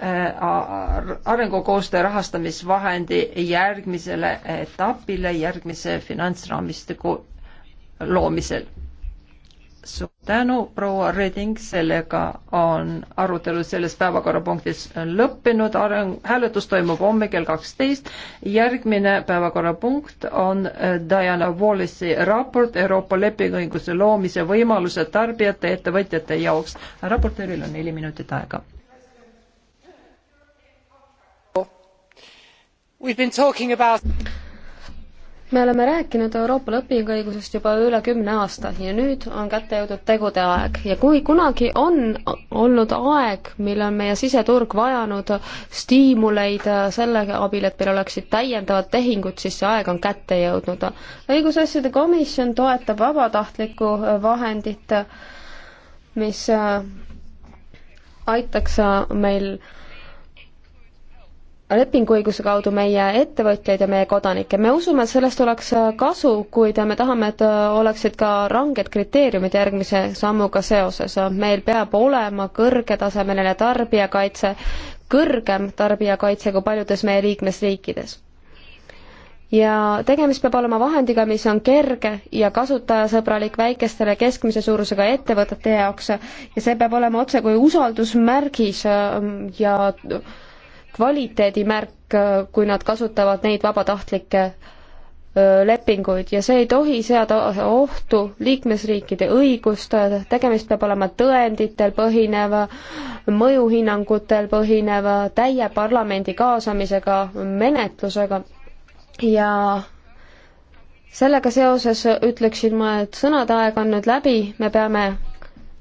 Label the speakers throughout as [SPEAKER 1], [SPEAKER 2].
[SPEAKER 1] Äh, arengukoostöö rahastamisvahendi järgmisele etapile, järgmise finantsraamistiku loomisel. suur tänu, proua Reding, sellega on arutelu selles päevakorrapunktis lõppenud, areng, hääletus toimub homme kell kaksteist. järgmine päevakorrapunkt on äh, Diana Wallace'i raport Euroopa lepinguõiguse loomise võimalused tarbijate, ettevõtjate jaoks. raportööril on neli minutit aega About... me oleme rääkinud Euroopa lepinguõigusest juba üle kümne aasta ja nüüd on kätte jõudnud tegude aeg ja kui kunagi on olnud aeg, mil on meie siseturg vajanud stiimuleid selle abil, et meil oleksid täiendavad tehingud, siis see aeg on kätte jõudnud. õigusasjade komisjon toetab vabatahtlikku vahendit, mis aitaks meil äh, lepinguõiguse kaudu meie ettevõtjaid ja meie kodanikke. me usume, et sellest oleks äh, kasu, kuid me tahame, et äh, oleksid ka ranged kriteeriumid järgmise sammuga seoses. meil peab olema kõrgetasemeline tarbijakaitse, kõrgem tarbijakaitse kui paljudes meie liikmesriikides. ja tegemist peab olema vahendiga, mis on kerge ja kasutajasõbralik väikestele keskmise suurusega ettevõtete jaoks ja see peab olema otsekui usaldusmärgis äh, ja kvaliteedimärk, äh, kui nad kasutavad neid vabatahtlikke äh, lepinguid ja see ei tohi seada ohtu liikmesriikide õigust, tegemist peab olema tõenditel põhineva, mõjuhinnangutel põhineva, täie parlamendi kaasamisega, menetlusega ja sellega seoses ütleksin ma, et sõnade aeg on nüüd läbi, me peame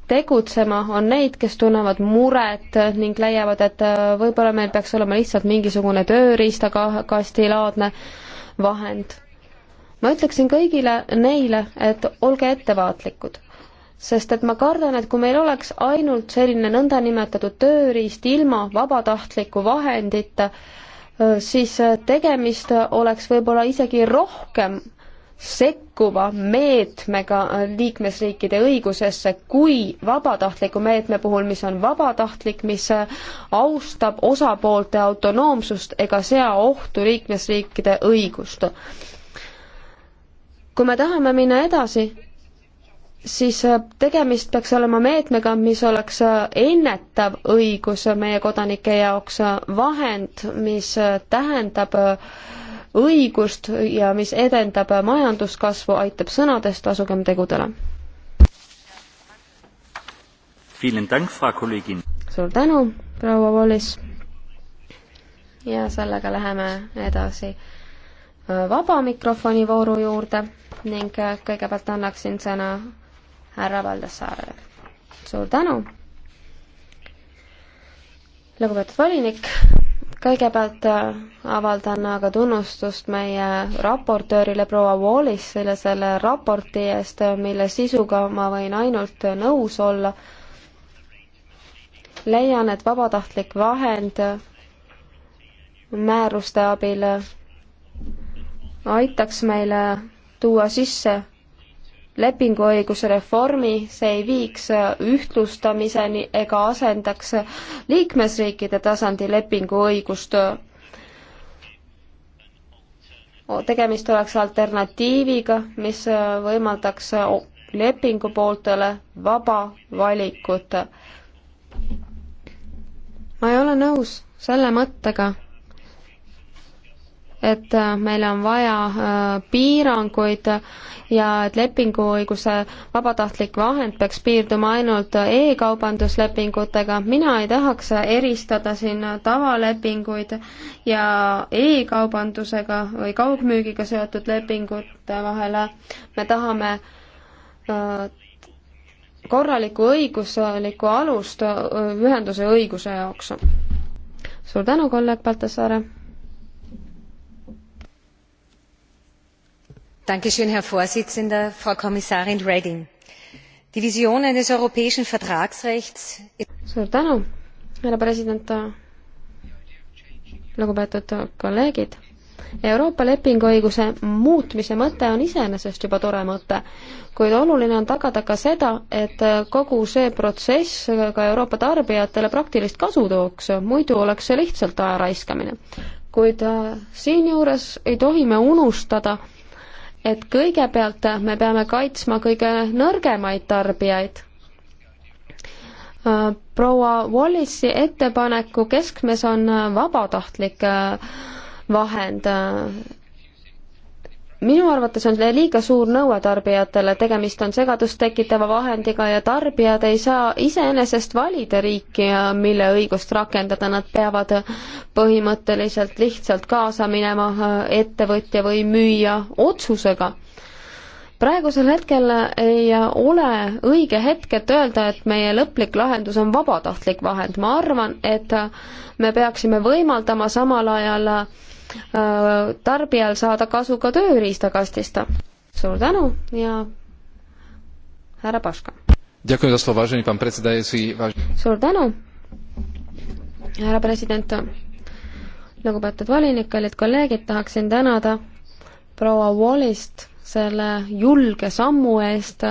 [SPEAKER 1] tegutsema, on neid, kes tunnevad muret ning leiavad, et äh, võib-olla meil peaks olema lihtsalt mingisugune tööriistakastilaadne vahend. ma ütleksin kõigile neile, et olge ettevaatlikud, sest et ma kardan, et kui meil oleks ainult selline nõndanimetatud tööriist ilma vabatahtliku vahendita, äh, siis äh, tegemist oleks võib-olla isegi rohkem sekkuva meetmega liikmesriikide õigusesse kui vabatahtliku meetme puhul, mis on vabatahtlik, mis austab osapoolte autonoomsust ega sea ohtu liikmesriikide õigust. kui me tahame minna edasi, siis tegemist peaks olema meetmega, mis oleks ennetav õigus meie kodanike jaoks, vahend, mis tähendab äh, õigust ja mis edendab majanduskasvu, aitab sõnadest, asugem tegudele. suur tänu, proua Wallis. ja sellega läheme edasi äh, vaba mikrofoni vooru juurde ning äh, kõigepealt annaksin sõna härra Valdassaarele. suur tänu, lugupeetud volinik kõigepealt äh, avaldan aga tunnustust meie raportöörile proua Wallisele selle raporti eest, mille sisuga ma võin ainult nõus olla. leian, et vabatahtlik vahend määruste abil aitaks meile tuua sisse lepinguõiguse reformi, see ei viiks ühtlustamiseni ega asendaks liikmesriikide tasandi lepinguõigust. tegemist oleks alternatiiviga, mis võimaldaks lepingupooltele vaba valikut. ma ei ole nõus selle mõttega et äh, meil on vaja äh, piiranguid ja et lepinguõiguse vabatahtlik vahend peaks piirduma ainult äh, e-kaubanduslepingutega. mina ei tahaks eristada siin tavalepinguid ja e-kaubandusega või kaugmüügiga seotud lepingute vahele. me tahame korralikku õiguslikku alust ühenduse õiguse jaoks. suur tänu, kolleeg Baltasaare! herr präsident frau kommissarin reding! die vision eines europäischen vertragsrechts lugupeetud kolleegid! euroopa lepinguõiguse muutmise mõte on iseenesest juba tore mõte kuid oluline on tagada ka seda et kogu see protsess ka euroopa tarbijatele praktilist kasu tooks muidu oleks see lihtsalt aja raiskamine kuid äh, siinjuures ei tohi me unustada et kõigepealt me peame kaitsma kõige nõrgemaid tarbijaid. Äh, proua Wallisi ettepaneku keskmes on vabatahtlik äh, vahend äh, minu arvates on liiga suur nõue tarbijatele, tegemist on segadust tekitava vahendiga ja tarbijad ei saa iseenesest valida riiki, mille õigust rakendada, nad peavad põhimõtteliselt lihtsalt kaasa minema ettevõtja või müüja otsusega. praegusel hetkel ei ole õige hetk, et öelda, et meie lõplik lahendus on vabatahtlik vahend, ma arvan, et me peaksime võimaldama samal ajal äh, Äh, tarbijal saada kasu ka tööriistakastist. suur tänu ja härra Paška. suur tänu, härra president. lugupeetud volinik, kallid kolleegid, tahaksin tänada proua Wallist selle julge sammu eest.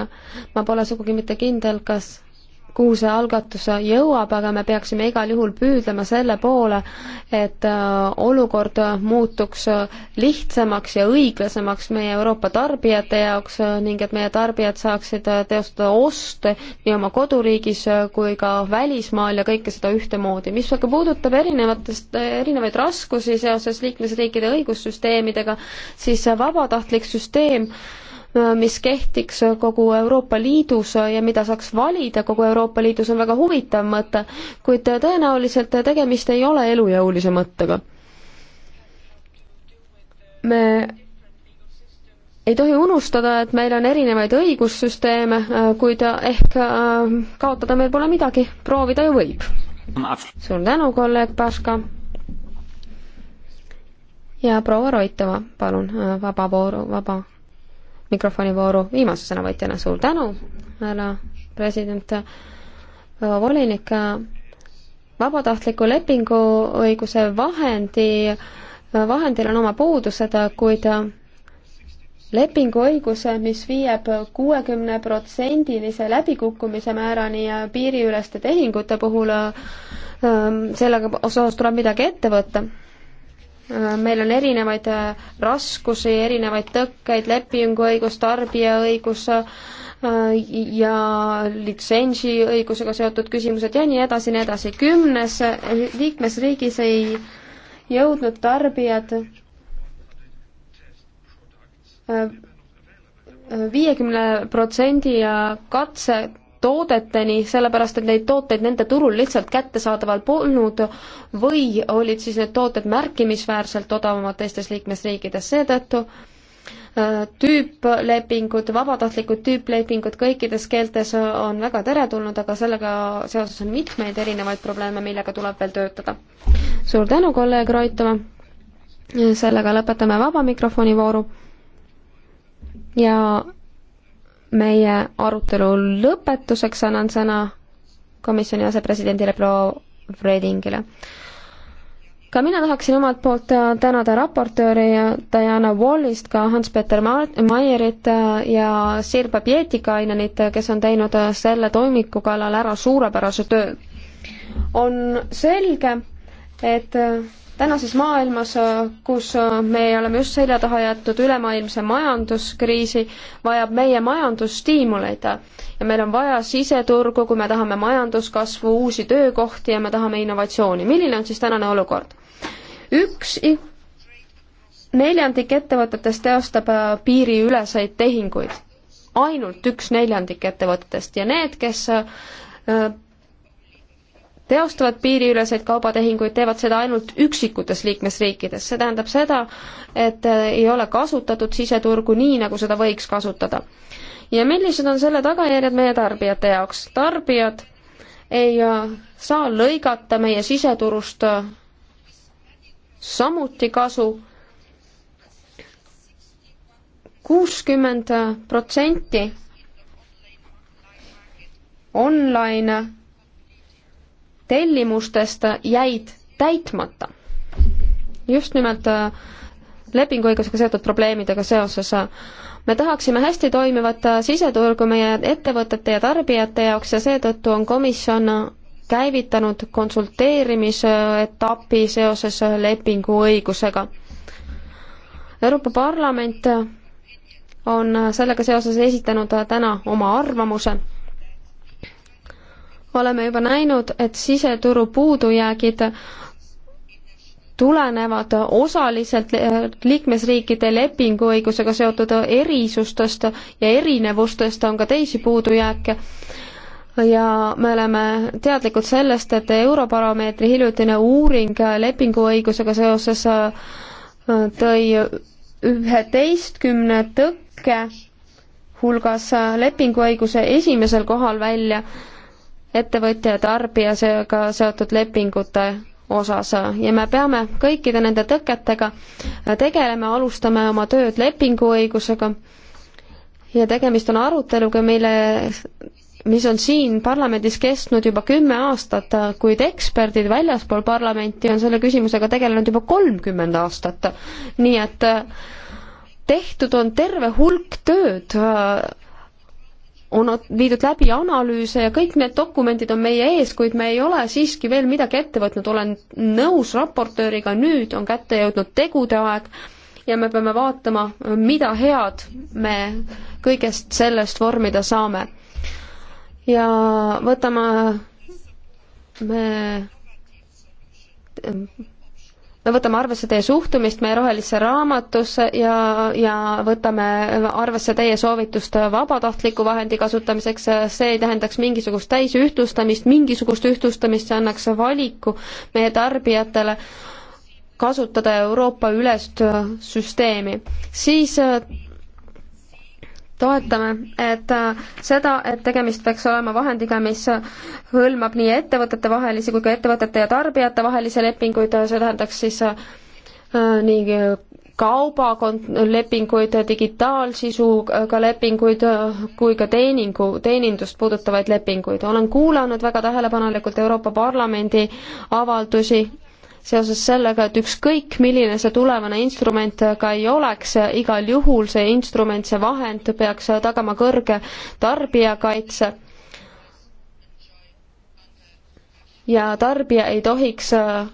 [SPEAKER 1] ma pole sugugi mitte kindel, kas kuhu see algatus jõuab, aga me peaksime igal juhul püüdlema selle poole, et äh, olukord muutuks lihtsamaks ja õiglasemaks meie Euroopa tarbijate jaoks äh, ning et meie tarbijad saaksid äh, teostada oste nii oma koduriigis kui ka välismaal ja kõike seda ühtemoodi. mis aga puudutab erinevatest, erinevaid raskusi seoses liikmesriikide õigussüsteemidega, siis vabatahtlik süsteem mis kehtiks kogu Euroopa Liidus ja mida saaks valida kogu Euroopa Liidus, on väga huvitav mõte, kuid tõenäoliselt tegemist ei ole elujõulise mõttega. me ei tohi unustada, et meil on erinevaid õigussüsteeme, kuid ehk äh, kaotada meil pole midagi, proovida ju võib. suur tänu, kolleeg Paška ja proua Roitova, palun, äh, vaba vooru, vaba mikrofonivooru viimase sõnavõtjana. suur tänu, härra president, volinik, vabatahtliku lepinguõiguse vahendi, vahendil on oma puudused, kuid lepinguõiguse, mis viieb kuuekümne protsendilise läbikukkumise määrani piiriüleste tehingute puhul, sellega osas tuleb midagi ette võtta meil on erinevaid äh, raskusi, erinevaid tõkkeid, lepinguõigus, tarbijaõigus äh, ja litsentsiõigusega seotud küsimused ja nii edasi, nii edasi. kümnes liikmesriigis ei jõudnud tarbijad äh, viiekümne protsendi katse toodeteni, sellepärast et neid tooteid nende turul lihtsalt kättesaadaval polnud või olid siis need tooted märkimisväärselt odavamad teistes liikmesriikides, seetõttu äh, tüüplepingud, vabatahtlikud tüüplepingud kõikides keeltes on väga teretulnud, aga sellega seoses on mitmeid erinevaid probleeme, millega tuleb veel töötada. suur tänu, kolleeg Roitova! sellega lõpetame vaba mikrofoni vooru ja meie arutelu lõpetuseks annan sõna komisjoni asepresidendile proua Vredingile. ka mina tahaksin omalt poolt tänada raportööri Diana Wallist, ka Hans-Peter Maierit ja Sirpa Pietikainenit, kes on teinud selle toimiku kallal ära suurepärase töö. on selge, et tänases maailmas, kus me oleme just selja taha jätnud ülemaailmse majanduskriisi, vajab meie majandus stiimuleid ja meil on vaja siseturgu, kui me tahame majanduskasvu, uusi töökohti ja me tahame innovatsiooni. milline on siis tänane olukord? üks neljandik ettevõtetest teostab äh, piiriüleseid tehinguid. ainult üks neljandik ettevõtetest ja need, kes äh, teostavad piiriüleseid kaubatehinguid, teevad seda ainult üksikutes liikmesriikides, see tähendab seda, et äh, ei ole kasutatud siseturgu nii, nagu seda võiks kasutada. ja millised on selle tagajärjed meie tarbijate jaoks? tarbijad ei äh, saa lõigata meie siseturust äh, samuti kasu, kuuskümmend protsenti online tellimustest jäid täitmata. just nimelt äh, lepinguõigusega seotud probleemidega seoses me tahaksime hästi toimivat äh, siseturgu meie ettevõtete ja tarbijate jaoks ja seetõttu on komisjon käivitanud konsulteerimise etapi seoses äh, lepinguõigusega. Euroopa Parlament on sellega seoses esitanud täna oma arvamuse oleme juba näinud, et siseturu puudujäägid tulenevad osaliselt eh, liikmesriikide lepinguõigusega seotud erisustest ja erinevustest on ka teisi puudujääke. ja me oleme teadlikud sellest, et Eurobaromeetri hiljutine uuring lepinguõigusega seoses eh, tõi üheteistkümne tõkke hulgas lepinguõiguse esimesel kohal välja ettevõtja ja tarbijasega seotud lepingute osas ja me peame kõikide nende tõketega tegelema, alustame oma tööd lepinguõigusega ja tegemist on aruteluga, mille, mis on siin parlamendis kestnud juba kümme aastat, kuid eksperdid väljaspool parlamenti on selle küsimusega tegelenud juba kolmkümmend aastat. nii et tehtud on terve hulk tööd on viidud läbi analüüse ja kõik need dokumendid on meie ees, kuid me ei ole siiski veel midagi ette võtnud, olen nõus raportööriga, nüüd on kätte jõudnud tegude aeg ja me peame vaatama, mida head me kõigest sellest vormida saame. ja võtame me me võtame arvesse teie suhtumist meie rohelisse raamatusse ja, ja võtame arvesse teie soovitust vabatahtliku vahendi kasutamiseks, see ei tähendaks mingisugust täisühtlustamist, mingisugust ühtlustamist, see annaks valiku meie tarbijatele kasutada Euroopa ülest süsteemi. siis toetame, et äh, seda, et tegemist peaks olema vahendiga, mis hõlmab nii ettevõtete vahelisi kui ka ettevõtete ja tarbijate vahelisi lepinguid, äh, see tähendaks siis äh, nii kaubalepinguid, digitaalsisuga lepinguid kui ka teeningu, teenindust puudutavaid lepinguid. olen kuulanud väga tähelepanelikult Euroopa Parlamendi avaldusi seoses sellega, et ükskõik, milline see tulevane instrument ka ei oleks, igal juhul see instrument, see vahend peaks tagama kõrge tarbijakaitse. ja tarbija ei tohiks äh,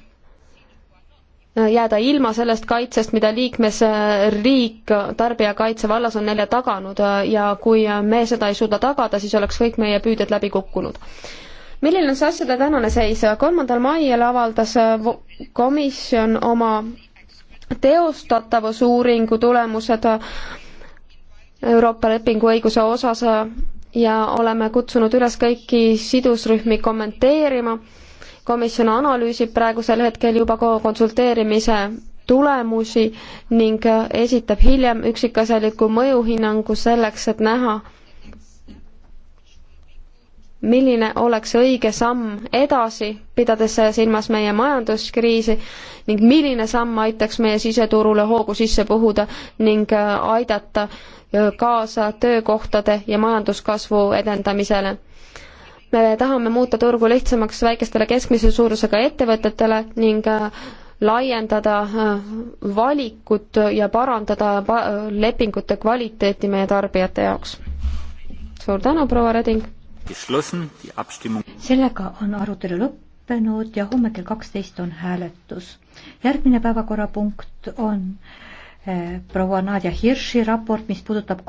[SPEAKER 1] jääda ilma sellest kaitsest, mida liikmesriik tarbijakaitse vallas on neile taganud äh, ja kui me seda ei suuda tagada, siis oleks kõik meie püüded läbi kukkunud milline on see asjade tänane seis? kolmandal mail avaldas äh, komisjon oma teostatavusuuringu tulemused äh, Euroopa lepingu õiguse osas äh, ja oleme kutsunud üles kõiki sidusrühmi kommenteerima. komisjon analüüsib praegusel hetkel juba konsulteerimise tulemusi ning esitab hiljem üksikasjaliku mõjuhinnangu selleks, et näha, milline oleks õige samm edasi, pidades silmas meie majanduskriisi ning milline samm aitaks meie siseturule hoogu sisse puhuda ning äh, aidata äh, kaasa töökohtade ja majanduskasvu edendamisele. me tahame muuta turgu lihtsamaks väikestele keskmise suurusega ettevõtetele ning äh, laiendada valikut ja parandada lepingute kvaliteeti meie tarbijate jaoks. suur tänu, proua Reding! sellega on arutelu lõppenud ja homme kell kaksteist on hääletus. järgmine päevakorrapunkt on eh, proua Nadja Hirši raport, mis puudutab